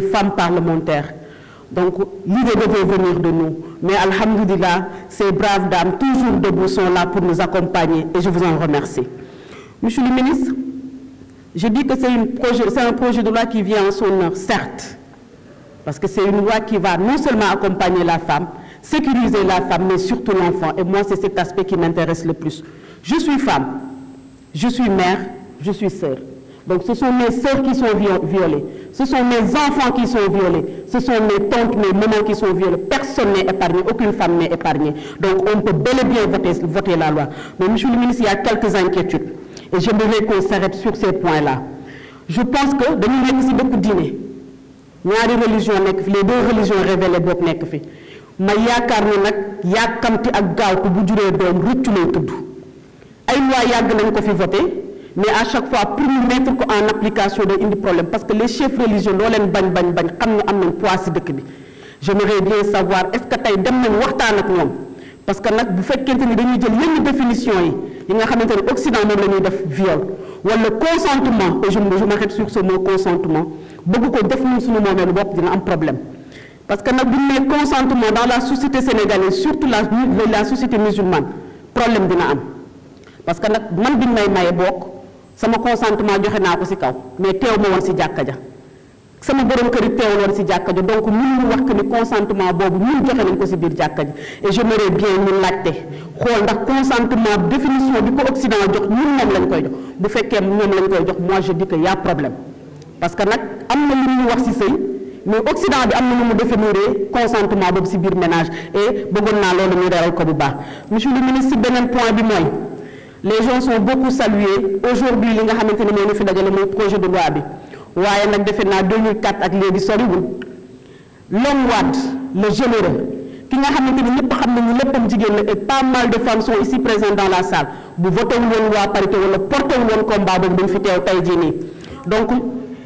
des femmes parlementaires. Donc l'idée devait venir de nous. Mais Alhamdulillah, ces braves dames, toujours debout, sont là pour nous accompagner et je vous en remercie. Monsieur le ministre, je dis que c'est un projet de loi qui vient en son heure, certes, parce que c'est une loi qui va non seulement accompagner la femme, sécuriser la femme, mais surtout l'enfant. Et moi, c'est cet aspect qui m'intéresse le plus. Je suis femme, je suis mère, je suis sœur. Donc ce sont mes sœurs qui sont violées, ce sont mes enfants qui sont violés, ce sont mes tantes, mes mamans qui sont violées. Personne n'est épargné, aucune femme n'est épargnée. Donc on peut bel et bien voter, voter la loi. Mais Monsieur le ministre, il quelques inquiétudes. Et j'aimerais qu'on s'arrête sur ces points-là. Je pense que dañuy nekk ci dëkku diine ñaari religion nekk fi les deux religions révélées boobu nekk fi ma yaakaar ne nag yàkkamti ak gaawtu bu juree doom rëccu lay tudd ay loi yàgg nañ mais à chaque fois pour ñu mettre ko en application day indi problème parce que les chefs religieux loo leen bañ bañ bañ xam ne am nañ poids ci dëkk bi j'aimerais bien savoir est-ce dem nañ waxtaan ak ñoom parce que nag bu fekkente ni dañuy jël yenn définition yi yi nga xamante ne Occident moom la ñuy def viol wala consentement et je sur ce mot consentement bëgg ko def ñun suñu moomeelu bopp dina am problème parce que nag bu ñu nee consentement dans la société sénégalaise surtout la la société musulmane problème dina am parce que may bokk sama consentement joxe naa ko ci kaw mais teew ma woon ci jàkka ja sama borom kër yi teew woon ci jàkka ja donc mënuñu wax que ni consentement boobu ñun joxe nañ ko ci biir jàkka ji et j'aimerais bien ñu laajte xool ndax consentement définition bi ko Occident jox ñun moom lañ koy jox bu fekkee ñoom lañ koy jox moi je dis que y a problème parce que nag am na lu ñu wax ci sëy mais Occident bi am na nu mu définir consentement boobu ci biir ménage et naa loolu ñu reeral ko bu baax monsieur le ministre beneen les gens sont beaucoup salués aujourd'hui li nga xamante ne moo ñu fi dajale mooy projet de loi bi waaye nag defe naa 2004 ak léegi soriwul L'homme Wade généreux ki nga xamante ni ñëpp xam nañu léppam jigéen la et pas mal de femmes sont ici dans la salle bu voté wu woon waa parité wala porté wu woon combat boobu dañ fi teew tey jii nii donc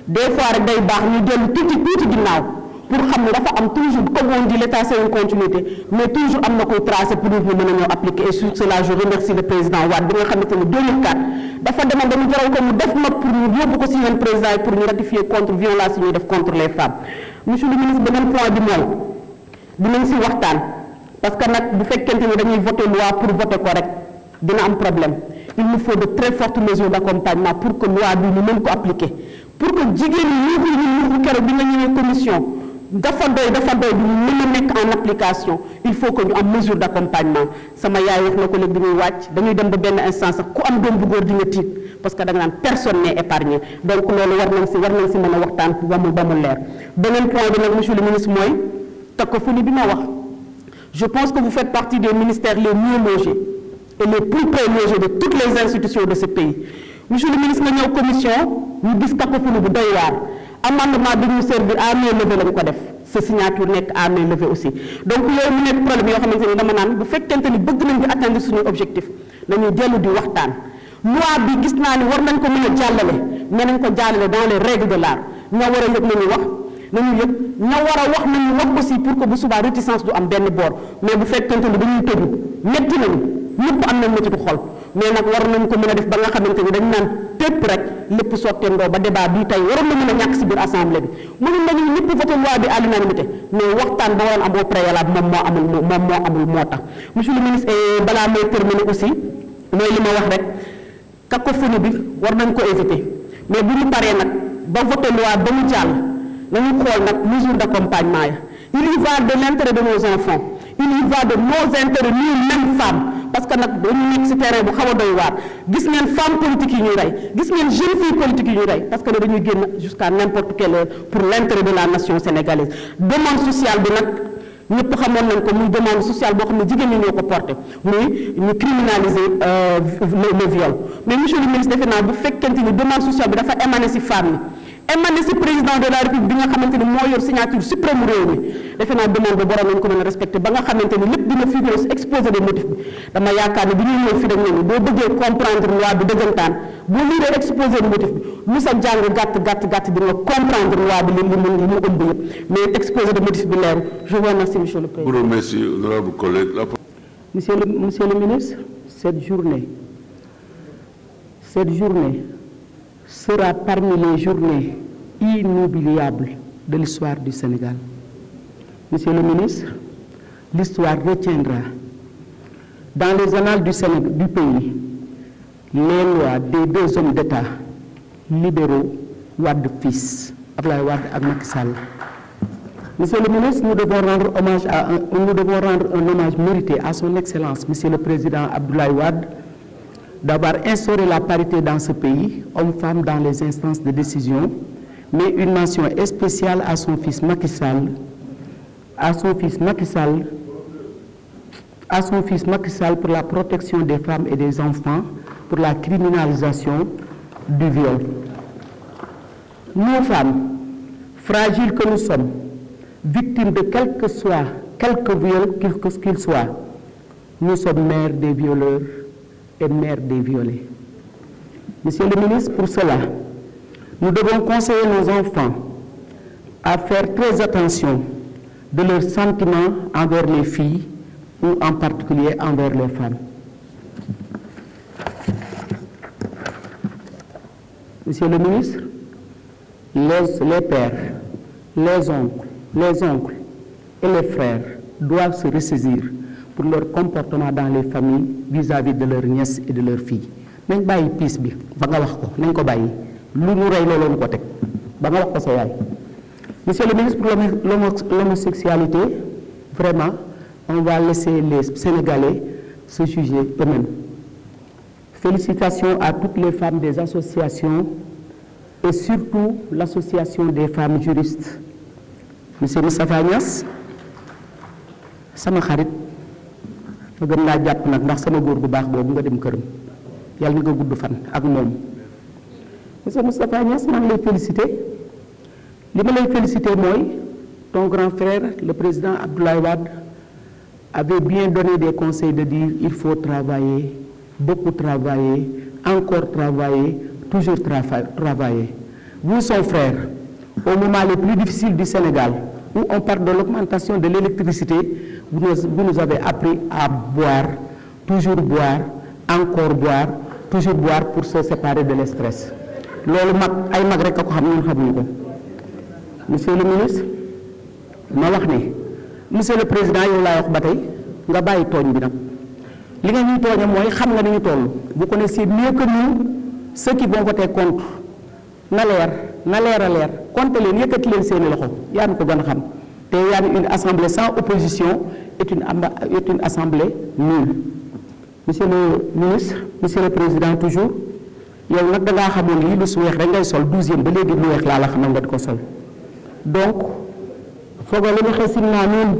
des fois rek day baax ñu dellu tuuti tuuti ginnaaw. pour xam ne dafa am toujours comme on dit l'état c'est continuité mais toujours am na koy tracé pour ñu mën a appliquer et sur cela je remercie le président Wade bi nga xamante ne 2004 dafa demoon dañu jaral mu def mag pour ñu yóbbu ko si yeneen président yi pour ñu ratifier contre violence yi ñuy def contre les femmes monsieur ministre beneen point bi mooy dinañ si waxtaan parce que nag bu fekkente ni dañuy voter loi pour voter ko rek dina am dafa doy dafa doy du mën a nekk en application il faut que ñu am mesure d' accompagnement sama yaay wax na ko léegi bi muy wàcc dañuy dem ba benn instance sax ku am doom bu góor di tiit parce que da nga naan personne n'est épargné donc loolu war nañ si war nañ si mën a waxtaan ba mu leer beneen point bi monsieur le ministre mooy cacophonie bi ma wax je pense que bu faites partie des ministères les mieux logés et les plus près logés de toutes les institutions de ce pays monsieur le ministre nga amendement bi ñu servir à main levée ko def sa signature nekk à main levée aussi donc yooyu mu nekk problème yoo xamante ni dama naan bu fekkente ni bëgg nañ di atteindre suñu objectif dañuy dellu di waxtaan loi bi gis naa ni war nañ ko mën a jàllale mais nañ ko jàllale dans les règles de l'art ña war a yëg nañu wax nañu yëg ña war a wax nañu wax si pour que bu subaa réticence du am benn boor mais bu fekkente ni dañuy tëju metti nañu ñëpp am nañ métti du xol mais nag war nañ ko mën a def ba nga xamante ni dañ naan tépp rek lépp sotteendoo ba débat bii tey waroon na mën a ñàkk si biir assemblée bi mënoon nañu ñëpp voté loi bi à l'unanimité mais waxtaan ba waroon balaa may terminer aussi mooy li ma wax ko cacophonie bi war nañ ko éviter mais bu ñu paree nag ba voté loi ba mu jàll nañu xool nag mesure d'accompagnement ya il y va de l'intérêt de nos enfants il y va de nos intérêts nous mêmes femmes parce que nag dañu nekk si terrain bu xaw doy waar gis ngeen femme politique yi ñuy rey gis que ne dañuy génn jusqu'à n'importe quelle heure pour l'intérêt de la nation sénégalaise demande sociale bi nag ñëpp xamoon nañ ko muy demande sociale boo xam ne jigéen ñi ñoo ko porté muy ñu criminaliser euh, le viol mais monsieur ministre defe bu fekkente ni demande sociale bi dafa émané si femme émané si président de la république bi nga xamante ni moo signature suprême réew mi defe naa demande borom nañ ko mën a respecté ba nga xamante ni lépp dina figuré si exposé des motifs bi dama yaakaar ne bi ñuy ñëw fi dañ ne boo bëggee comprendre loi bi dëggantaan boo liiree exposé des motifs bi lu sa jàng gàtt gàtt gàtt di nga comprendre loi bi li mu ëmb yëpp mais exposé des motifs bi leeru je vous remercie monsieur le président. merci honorable collègue. monsieur sera parmi les journées inoubliables de l'histoire du Sénégal. Monsieur le ministre, l'histoire retiendra dans les annales du, Sénégal, du pays les lois des deux hommes d'État libéraux Wade fils, Abdoulaye Wade et Macky Monsieur le ministre, nous devons rendre hommage à nous devons rendre un hommage mérité à son excellence, Monsieur le Président Abdoulaye Wade d'avoir instauré la parité dans ce pays, hommes-femmes dans les instances de décision, mais une mention spéciale à son fils Macky Sall, à son fils Macky Sall, à pour la protection des femmes et des enfants, pour la criminalisation du viol. Nous, femmes, fragiles que nous sommes, victimes de quel que soit, quelque viol qu'il soit, nous sommes mères des violeurs, et mère des violets. Monsieur le ministre, pour cela, nous devons conseiller nos enfants à faire très attention de leurs sentiments envers les filles ou en particulier envers les femmes. Monsieur le ministre, les, les pères, les oncles et les frères doivent se ressaisir pour leur comportement dans les familles vis-à-vis de leurs nièces et de leurs filles nañ bàyyi piis bi ba nga wax ko nañ ko bàyyi lu ñu rey loolu ko teg ba nga wax ko sa yaay monsieur le ministre pour l'homosexualité vraiment on va laisser les Sénégalais se juger eux-mêmes à toutes les femmes des associations et surtout l'association des femmes juristes monsieur Moustapha Niass sama xarit ma gën laa jàpp nag ndax sama góor bu baax boobu nga dem këram yàlla na nga gudd fan ak moom monsieur Moustapha Niass maa ngi lay félicité li ma lay félicité mooy ton grand frère le président Abdoulaye Wade avait bien donné des conseil de dire il faut travailler beaucoup travailler encore travailler toujours travailler vous son frère au moment le plus difficile du Sénégal où on parle de l'augmentation de l'électricité bu nous avez appris à boire, toujours boire, encore boire, toujours boire pour se séparer de l'estress. loolu mag ay mag rek a ko xam ñun xamuñu ko monsieur le ministre ma wax ne monsieur le président yow laa wax ba tey nga bàyyi tooñ bi nag li nga ñuy tooñe mooy xam nga ni ñu toll vous connaissez mieux que nous ceux qui vont voter contre na leer na leer a leer compte leen yëkkati leen seeni loxo yaa ko gën a xam. PEA une assemblée sans opposition est une est une assemblée nulle monsieur le ministre monsieur le président toujours yow nag da ngaa xamoon lii lu su weex rek ngay sol douzième ba léegi lu weex laa la xamal nga ko sol donc fogole mo xesinna nuun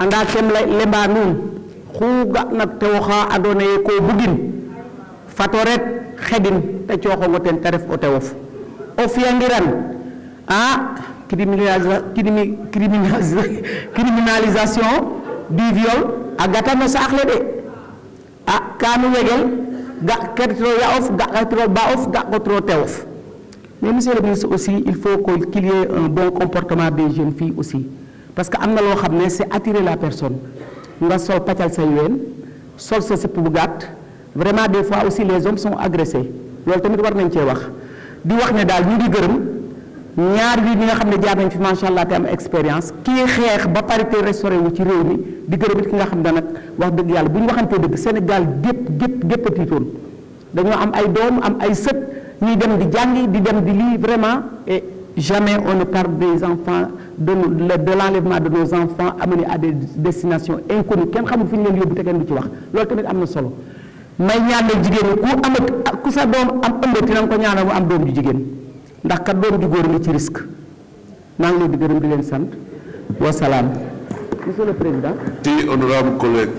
anda kem lemba nuun xu ga'na tew oxa andoona yee ko bugin fato ret xedin te cooxong o ten te ref o tewof o fi'angiran a ah, criminalisation criminalisation du viol a gatano saax le de a kaanu wegel ga'katiro ya'of ga'katiro ba'of ga'katiro tewof mais monsieur le ministre aussi il faut qu'il y ait un bon comportement des jeunes filles aussi parce que am na loo xam ne c'est attirer la personne nga sol paccal say ween sol sa sëpp bu gàtt vraiment des fois aussi les hommes sont agressés loolu tamit war nañ cee wax di wax ne daal ñu ngi gërëm ñaar yi ñi nga xam ne jaar nañ fi macha allah te am expérience kii xeex ba parité restauré wu ci réew mi di gërëm it ki nga xam ne nag wax dëgg yàlla bu ñu waxantee dëgg Sénégal gépp gépp gépp a tiitoon dañoo am ay doom am ay sët ñuy dem di jàngi di dem di lii vraiment et jamais on ne parle des enfants de de l'enlèvement de nos enfants amenés à des destinations inconnues kenn xamul fi ñu leen yóbbu te kenn du ci wax loolu tamit am na solo may ñaanal jigéen ñi ku am sa doom am am doom ju jigéen. ndax kat doom ju góor nga ci risque maa ngi leen di gërëm di leen sant wa salaam. monsieur le président. merci honorable collègue.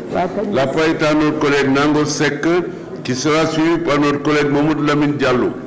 La parole est à notre collègue Nango Seck qui sera suivi par notre collègue Mamadou Lamine Diallo.